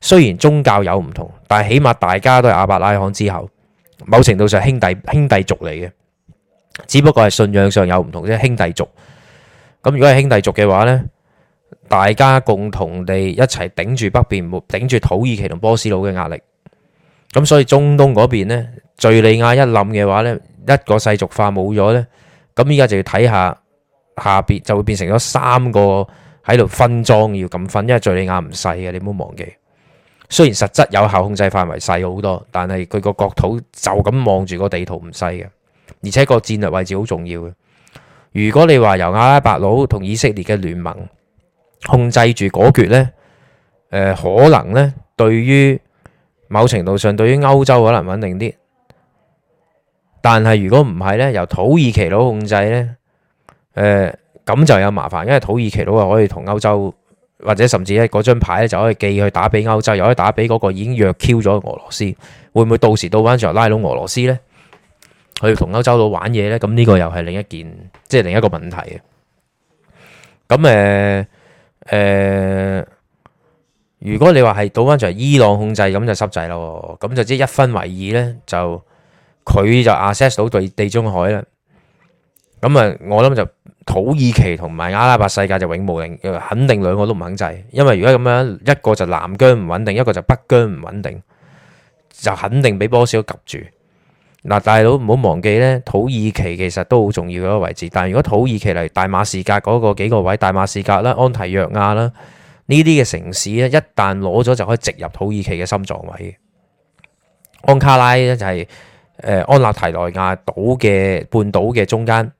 雖然宗教有唔同，但係起碼大家都係阿伯拉罕之後，某程度上兄弟兄弟族嚟嘅。只不過係信仰上有唔同啫，兄弟族。咁如果係兄弟族嘅話咧，大家共同地一齊頂住北邊冇頂住土耳其同波斯佬嘅壓力。咁所以中東嗰邊咧，敘利亞一冧嘅話咧，一個世俗化冇咗咧，咁依家就要睇下下邊就會變成咗三個喺度分贓要咁分，因為敘利亞唔細嘅，你唔好忘記。雖然實質有效控制範圍細好多，但係佢個國土就咁望住個地圖唔細嘅。而且個戰略位置好重要嘅。如果你話由阿拉伯佬同以色列嘅聯盟控制住嗰橛咧，誒、呃、可能呢，對於某程度上對於歐洲可能穩定啲。但係如果唔係呢，由土耳其佬控制呢，誒、呃、咁就有麻煩，因為土耳其佬啊可以同歐洲或者甚至咧，嗰張牌就可以寄去打俾歐洲，又可以打俾嗰個已經弱 Q 咗嘅俄羅斯，會唔會到時到翻時候拉到俄羅斯呢？去同歐洲佬玩嘢咧，咁呢個又係另一件，即係另一個問題嘅。咁誒誒，如果你話係倒翻轉伊朗控制，咁就濕滯咯。咁就即係一分為二咧，就佢就 access 到對地，地中海啦。咁啊，我諗就土耳其同埋阿拉伯世界就永無寧，肯定兩個都唔肯制，因為如果咁樣一個就南疆唔穩定，一個就北疆唔穩定，就肯定俾波斯佬夾住。嗱，大佬唔好忘記咧，土耳其其實都好重要嘅一個位置。但係如果土耳其嚟大馬士革嗰個幾個位，大馬士革啦、安提約亞啦呢啲嘅城市咧，一旦攞咗就可以直入土耳其嘅心臟位。安卡拉咧就係誒安納提內亞島嘅半島嘅中間，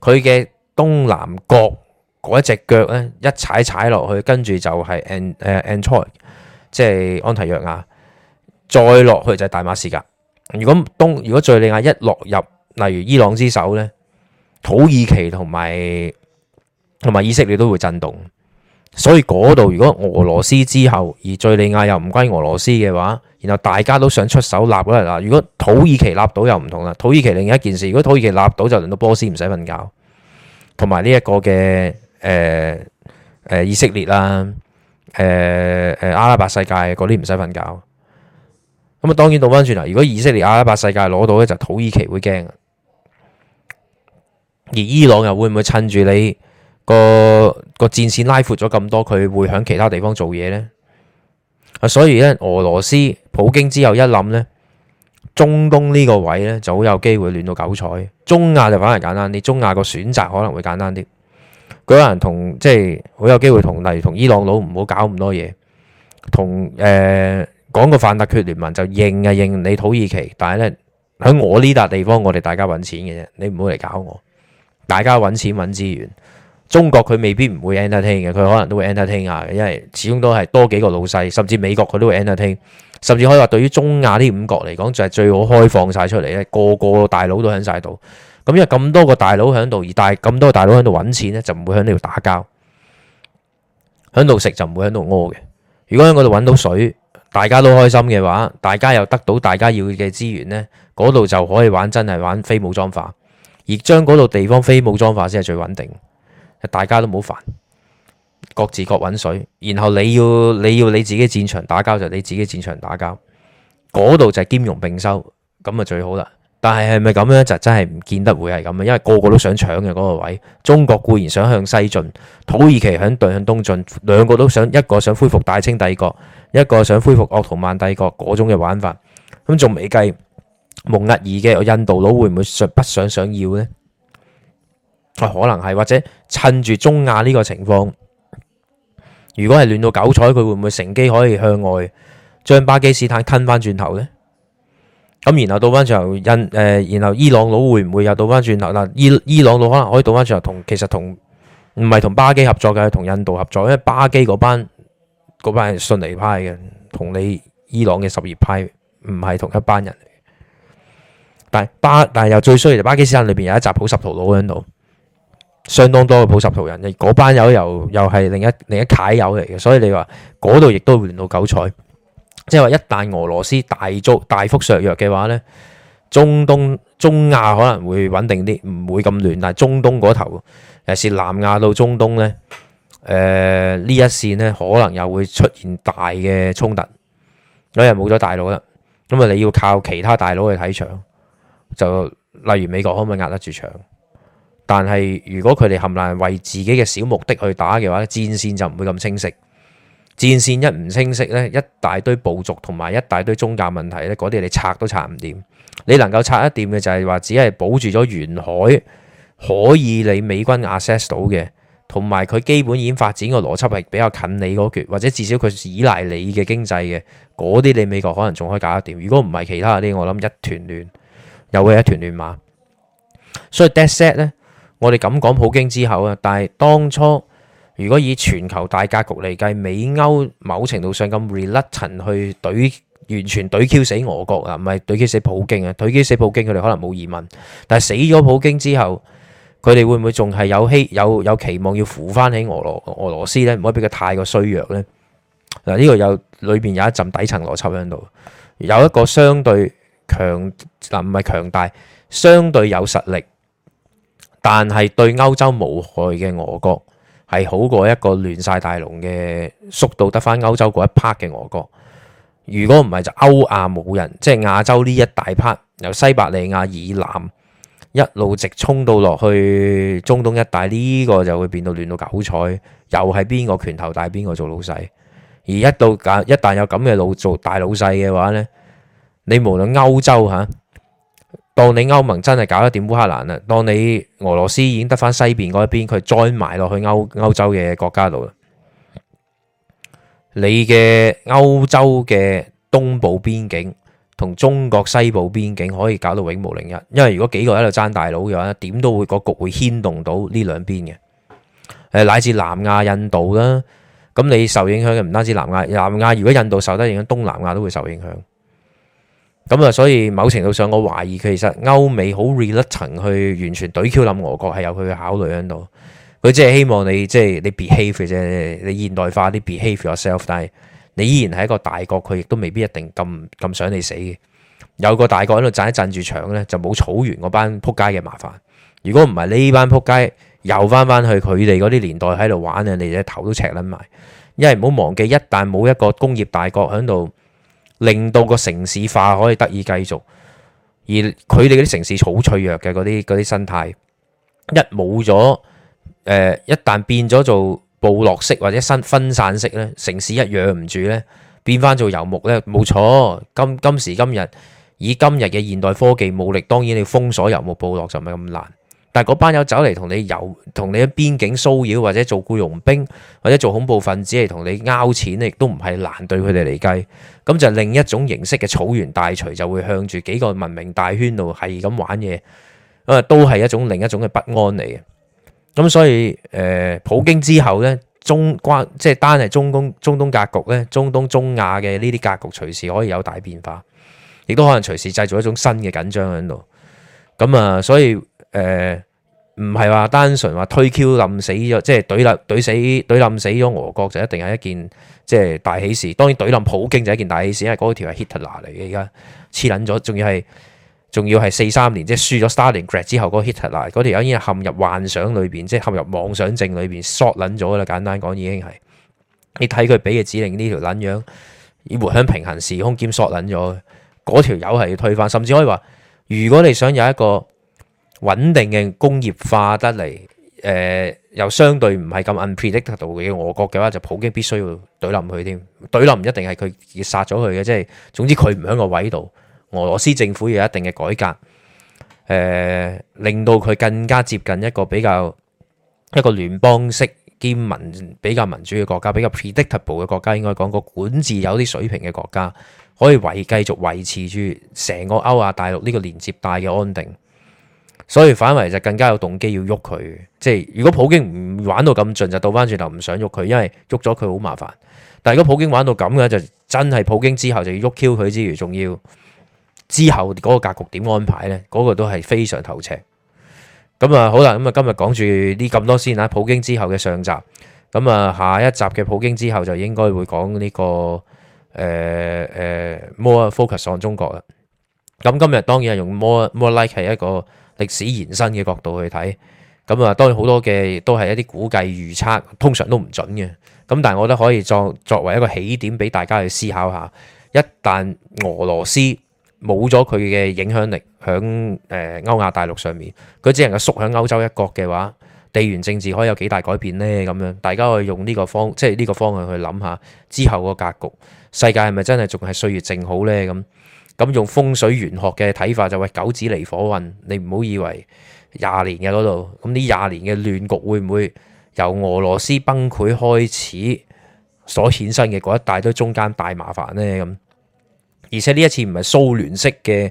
佢嘅東南角嗰一隻腳咧，一踩踩落去，跟住就係 An 誒 Antoy，即係安提約亞，再落去就係大馬士革。如果東如果敍利亞一落入例如伊朗之手咧，土耳其同埋同埋以色列都會震動。所以嗰度如果俄羅斯之後而敍利亞又唔歸俄羅斯嘅話，然後大家都想出手立啦嗱。如果土耳其立到又唔同啦，土耳其另一件事，如果土耳其立到就輪到波斯唔使瞓覺，同埋呢一個嘅誒誒以色列啦，誒、呃、誒、呃、阿拉伯世界嗰啲唔使瞓覺。咁啊，當然倒翻轉啦。如果以色列阿拉伯世界攞到咧，就土耳其會驚。而伊朗又會唔會趁住你個個戰線拉闊咗咁多，佢會喺其他地方做嘢呢？所以咧，俄羅斯普京之後一諗呢，中東呢個位咧就好有機會亂到九彩。中亞就反而簡單，你中亞個選擇可能會簡單啲。佢可能同即係好有機會同，例如同伊朗佬唔好搞咁多嘢，同誒。呃講個泛突厥聯盟就認啊，認你土耳其，但係呢，喺我呢笪地方，我哋大家揾錢嘅啫。你唔好嚟搞我，大家揾錢揾資源。中國佢未必唔會 entertain 嘅，佢可能都會 entertain 下嘅，因為始終都係多幾個老細，甚至美國佢都會 entertain 甚至可以話對於中亞呢五國嚟講就係、是、最好開放晒出嚟咧，個個大佬都喺晒度。咁因為咁多個大佬喺度，而但係咁多個大佬喺度揾錢呢，就唔會喺呢度打交，喺度食就唔會喺度屙嘅。如果喺嗰度揾到水。大家都開心嘅話，大家又得到大家要嘅資源呢，嗰度就可以玩真係玩非武裝化，而將嗰度地方非武裝化先係最穩定。大家都唔好煩，各自各揾水，然後你要你要你自己戰場打交就你自己戰場打交，嗰度就兼容並收，咁啊最好啦。但係係咪咁樣就真係唔見得會係咁啊？因為個個都想搶嘅嗰個位，中國固然想向西進，土耳其想對向東進，兩個都想一個想恢復大清帝國，一個想恢復鄂圖曼帝國嗰種嘅玩法。咁仲未計蒙兀兒嘅印度佬會唔會想不想想要呢？啊，可能係或者趁住中亞呢個情況，如果係亂到九彩，佢會唔會乘機可以向外將巴基斯坦吞翻轉頭呢？咁然後到翻轉頭印誒，然後伊朗佬會唔會又倒翻轉，嗱嗱伊伊朗佬可能可以倒翻轉頭同其實同唔係同巴基合作嘅，同印度合作，因為巴基嗰班嗰班係遜尼派嘅，同你伊朗嘅什葉派唔係同一班人。但巴但係又最衰就巴基斯坦裏邊有一集普什圖佬喺度，相當多嘅普什圖人，而嗰班友又又係另一另一契友嚟嘅，所以你話嗰度亦都會亂到九彩。即係話，一旦俄羅斯大足大幅削弱嘅話呢，中東、中亞可能會穩定啲，唔會咁亂。但係中東嗰頭，尤其是南亞到中東呢，誒、呃、呢一線呢，可能又會出現大嘅衝突，因為冇咗大佬啦。咁啊，你要靠其他大佬去睇場，就例如美國可唔可以壓得住場？但係如果佢哋含 𠰤 為自己嘅小目的去打嘅話，戰線就唔會咁清晰。戰線一唔清晰呢，一大堆部族同埋一大堆宗教問題呢，嗰啲你拆都拆唔掂。你能夠拆一掂嘅就係話，只係保住咗沿海可以你美軍 assess 到嘅，同埋佢基本演發展個邏輯係比較近你嗰橛，或者至少佢依賴你嘅經濟嘅，嗰啲你美國可能仲可以搞得掂。如果唔係其他嗰啲，我諗一團亂又會一團亂碼。所以 that said 呢，我哋咁講普京之後啊，但係當初。如果以全球大格局嚟計，美歐某程度上咁 reluctant 去隊完全隊 kill 死俄國啊，唔係隊 kill 死普京啊，隊 kill 死普京佢哋可能冇疑問，但係死咗普京之後，佢哋會唔會仲係有希有有期望要扶翻起俄羅俄羅斯咧？唔可以俾佢太過衰弱咧。嗱，呢個有裏邊有一陣底層邏輯喺度，有一個相對強嗱唔係強大，相對有實力，但係對歐洲無害嘅俄國。係好過一個亂晒大龍嘅縮到，得返歐洲嗰一 part 嘅俄國。如果唔係就歐亞冇人，即係亞洲呢一大 part 由西伯利亞以南一路直衝到落去中東一帶，呢、這個就會變亂到亂到九彩，又係邊個拳頭大邊個做老細。而一到一旦有咁嘅老做大老細嘅話呢，你無論歐洲吓。當你歐盟真係搞得掂烏克蘭啦，當你俄羅斯已經得翻西邊嗰一邊，佢栽埋落去歐歐洲嘅國家度啦，你嘅歐洲嘅東部邊境同中國西部邊境可以搞到永無寧日，因為如果幾個喺度爭大佬嘅話，點都會個局會牽動到呢兩邊嘅，誒乃至南亞印度啦，咁你受影響嘅唔單止南亞，南亞如果印度受得影響，東南亞都會受影響。咁啊、嗯，所以某程度上，我懷疑佢其實歐美好 reluctant 去完全懟 Q 冧俄國，係有佢嘅考慮喺度。佢即係希望你即係你 behave 嘅啫，你現代化啲 behave yourself，但係你依然係一個大國，佢亦都未必一定咁咁想你死嘅。有個大國喺度鎮一鎮住場咧，就冇草原嗰班撲街嘅麻煩。如果唔係呢班撲街，又翻翻去佢哋嗰啲年代喺度玩，啊，你嘅頭都赤撚埋。因為唔好忘記，一旦冇一個工業大國喺度。令到個城市化可以得以繼續，而佢哋啲城市好脆弱嘅嗰啲嗰啲生態，一冇咗，誒、呃、一旦變咗做部落式或者新分散式咧，城市一養唔住咧，變翻做游牧咧，冇錯，今今時今日以今日嘅現代科技武力，當然你要封鎖遊牧部落就唔係咁難。係嗰班友走嚟同你遊，同你喺邊境騷擾，或者做僱傭兵，或者做恐怖分子嚟同你摳錢，亦都唔係難對佢哋嚟計。咁就另一種形式嘅草原大廚，就會向住幾個文明大圈度係咁玩嘢。咁啊，都係一種另一種嘅不安嚟嘅。咁所以誒、呃，普京之後呢，中關即係單係中東中東格局呢，中東中亞嘅呢啲格局隨時可以有大變化，亦都可能隨時製造一種新嘅緊張喺度。咁啊，所以誒。呃唔係話單純話推 Q 冧死咗，即係懟冧懟死懟冧死咗俄國就一定係一件即係大喜事。當然懟冧普京就一件大喜事，因為嗰條係 Hitler 嚟嘅，而家黐撚咗，仲要係仲要係四三年即係輸咗 Stalin Grad 之後嗰、那個、Hitler，嗰條友已經陷入幻想裏邊，即係陷入妄想症裏邊，縮撚咗啦。簡單講，已經係你睇佢俾嘅指令，呢條撚樣已經活喺平行時空兼縮撚咗，嗰條友係要推翻，甚至可以話，如果你想有一個。穩定嘅工業化得嚟，誒、呃、又相對唔係咁 unpredictable 嘅。俄國嘅話就普京必須要懟冧佢添，懟冧唔一定係佢殺咗佢嘅，即係總之佢唔喺個位度。俄羅斯政府要有一定嘅改革，誒、呃、令到佢更加接近一個比較一個聯邦式兼民比較民主嘅國家，比較 predictable 嘅國家，應該講個管治有啲水平嘅國家，可以維繼續維持住成個歐亞大陸呢個連接帶嘅安定。所以反為就更加有動機要喐佢，即係如果普京唔玩到咁盡，就倒翻轉頭唔想喐佢，因為喐咗佢好麻煩。但係如果普京玩到咁嘅，就真係普京之後就要喐 Q 佢之餘，仲要之後嗰個格局點安排呢？嗰個都係非常透徹。咁啊好啦，咁啊今日講住呢咁多先啦。普京之後嘅上集，咁啊下一集嘅普京之後就應該會講呢個誒誒、more focus on 中國啦。咁今日當然係用 more more like 係一個歷史延伸嘅角度去睇，咁啊當然好多嘅都係一啲估計預測，通常都唔準嘅。咁但係我覺得可以作作為一個起點，俾大家去思考下。一旦俄羅斯冇咗佢嘅影響力，響誒歐亞大陸上面，佢只能夠縮喺歐洲一角嘅話，地緣政治可以有幾大改變呢？咁樣大家可以用呢個方，即係呢個方向去諗下之後個格局，世界係咪真係仲係歲月靜好呢？咁。咁用風水玄學嘅睇法就係，九子離火運，你唔好以為廿年嘅嗰度，咁呢廿年嘅亂局會唔會由俄羅斯崩潰開始所衍生嘅嗰一大堆中間大麻煩呢？咁。而且呢一次唔係蘇聯式嘅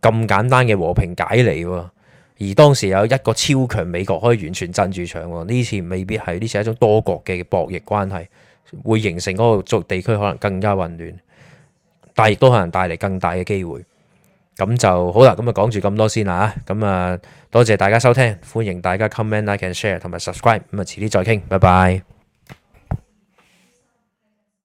咁簡單嘅和平解離，而當時有一個超強美國可以完全鎮住場，呢次未必係，呢次係一種多國嘅博弈關係，會形成嗰個族地區可能更加混亂。但亦都可能帶嚟更大嘅機會，咁就好啦。咁就講住咁多先啦嚇，咁啊多謝大家收聽，歡迎大家 comment、like、and share 同埋 subscribe。咁啊遲啲再傾，拜拜。